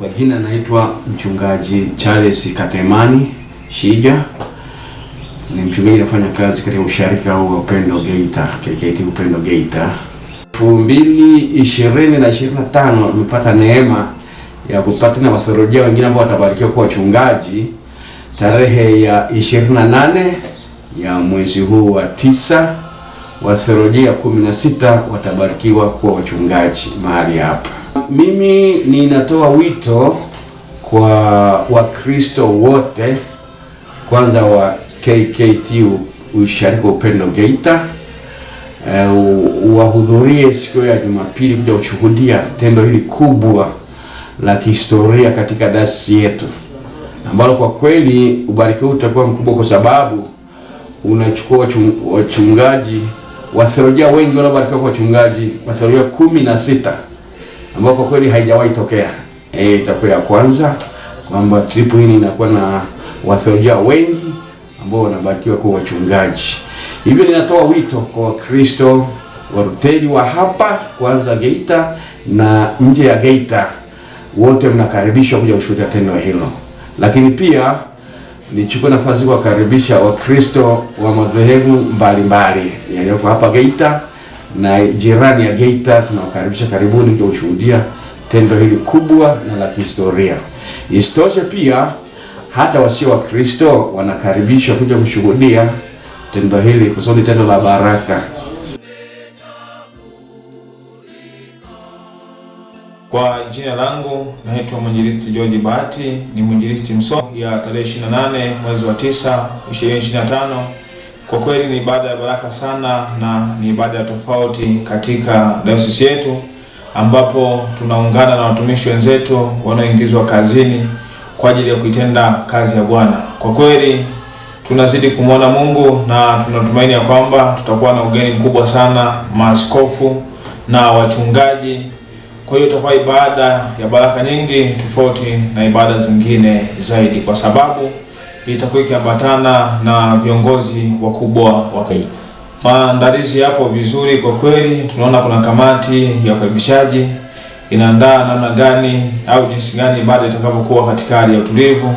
Kwa jina naitwa mchungaji Charles Katemani Shija, ni mchungaji nafanya kazi katika usharika wa Upendo Geita, KKKT Upendo Geita. 2020 na nimepata neema ya kupata na wasorojia wengine ambao watabarikiwa kuwa wachungaji tarehe ya 28 ya mwezi huu wa tisa, watheolojia 16 watabarikiwa kuwa wachungaji mahali hapa mimi ninatoa wito kwa Wakristo wote kwanza wa KKT Usharika Upendo Geita uh, eh, wahudhurie siku ya Jumapili kuja kushuhudia tendo hili kubwa la kihistoria katika dasi yetu, ambalo kwa kweli ubarikiwa utakuwa mkubwa, kwa sababu unachukua wachungaji watheolojia wengi wanaobarikiwa kwa wachungaji watheolojia kumi na sita ambayo kwa kweli haijawahi tokea. E, itakuwa ya kwanza kwamba trip hii inakuwa na watheolojia wengi ambao wanabarikiwa kuwa wachungaji. Hivyo ninatoa wito kwa Wakristo waruteli wa hapa kwanza Geita na nje ya Geita, wote mnakaribishwa kuja kushuhudia tendo hilo, lakini pia nichukue nafasi kuwakaribisha Wakristo wa madhehebu mbalimbali yaliyoko hapa Geita na jirani ya Geita tunawakaribisha, karibuni kuja kushuhudia tendo hili kubwa na la kihistoria. Isitoshe pia hata wasio Wakristo wanakaribishwa kuja kushuhudia tendo hili, kwa sababu tendo la baraka. Kwa jina langu naitwa mwinjilisti George Bahati, ni mwinjilisti msomi ya tarehe 28 mwezi wa 9 2025 kwa kweli ni ibada ya baraka sana na ni ibada ya tofauti katika dayosisi yetu, ambapo tunaungana na watumishi wenzetu wanaoingizwa kazini kwa ajili ya kuitenda kazi ya Bwana. Kwa kweli tunazidi kumwona Mungu na tunatumaini ya kwamba tutakuwa na ugeni mkubwa sana, maaskofu na wachungaji. Kwa hiyo itakuwa ibada ya baraka nyingi tofauti na ibada zingine zaidi, kwa sababu itakuwa ikiambatana na viongozi wakubwa wa Kenya. Maandalizi yapo vizuri kwa kweli, tunaona kuna kamati ya ukaribishaji inaandaa namna gani au jinsi gani ibada itakavyokuwa katika hali ya utulivu.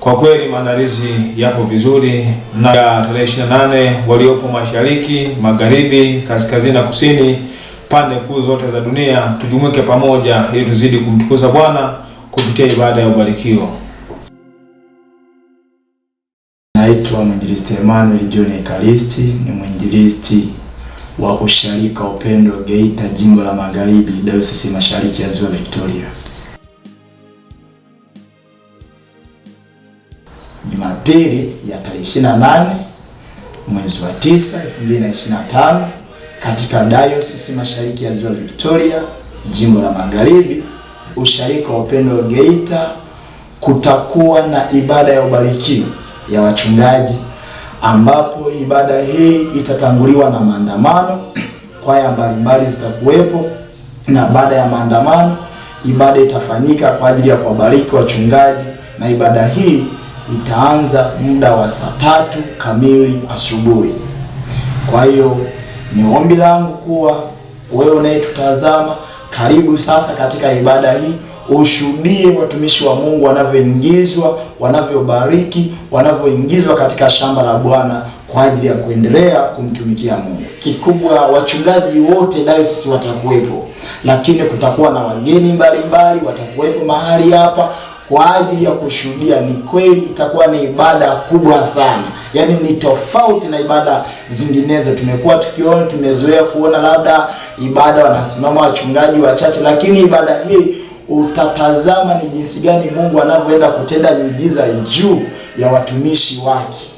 Kwa kweli maandalizi yapo vizuri na ya tarehe nane waliopo mashariki, magharibi, kaskazini na kusini, pande kuu zote za dunia, tujumuike pamoja ili tuzidi kumtukuza Bwana kupitia ibada ya ubarikio. Naitwa mwinjilisti Emmanuel John Ekaristi, ni mwinjilisti wa usharika Upendo Geita, jimbo la Magharibi, Dayosisi Mashariki ya Ziwa Victoria. Jumapili ya tarehe 28 mwezi wa 9 2025, katika Dayosisi Mashariki ya Ziwa Victoria, jimbo la Magharibi, usharika wa Upendo Geita, kutakuwa na ibada ya ubarikio ya wachungaji, ambapo ibada hii itatanguliwa na maandamano. Kwaya mbalimbali zitakuwepo, na baada ya maandamano ibada itafanyika kwa ajili ya kuwabariki wachungaji, na ibada hii itaanza muda wa saa tatu kamili asubuhi. Kwa hiyo ni ombi langu kuwa wewe unayetutazama, karibu sasa katika ibada hii ushuhudie watumishi wa Mungu wanavyoingizwa, wanavyobariki, wanavyoingizwa katika shamba la Bwana kwa ajili ya kuendelea kumtumikia Mungu. Kikubwa, wachungaji wote dayosisi watakuwepo, lakini kutakuwa na wageni mbalimbali watakuwepo mahali hapa kwa ajili ya kushuhudia. Ni kweli itakuwa ni ibada kubwa sana, yaani ni tofauti na ibada zinginezo. Tumekuwa tukiona, tumezoea kuona labda ibada wanasimama wachungaji wachache, lakini ibada hii utatazama ni jinsi gani Mungu anavyoenda kutenda miujiza juu ya watumishi wake.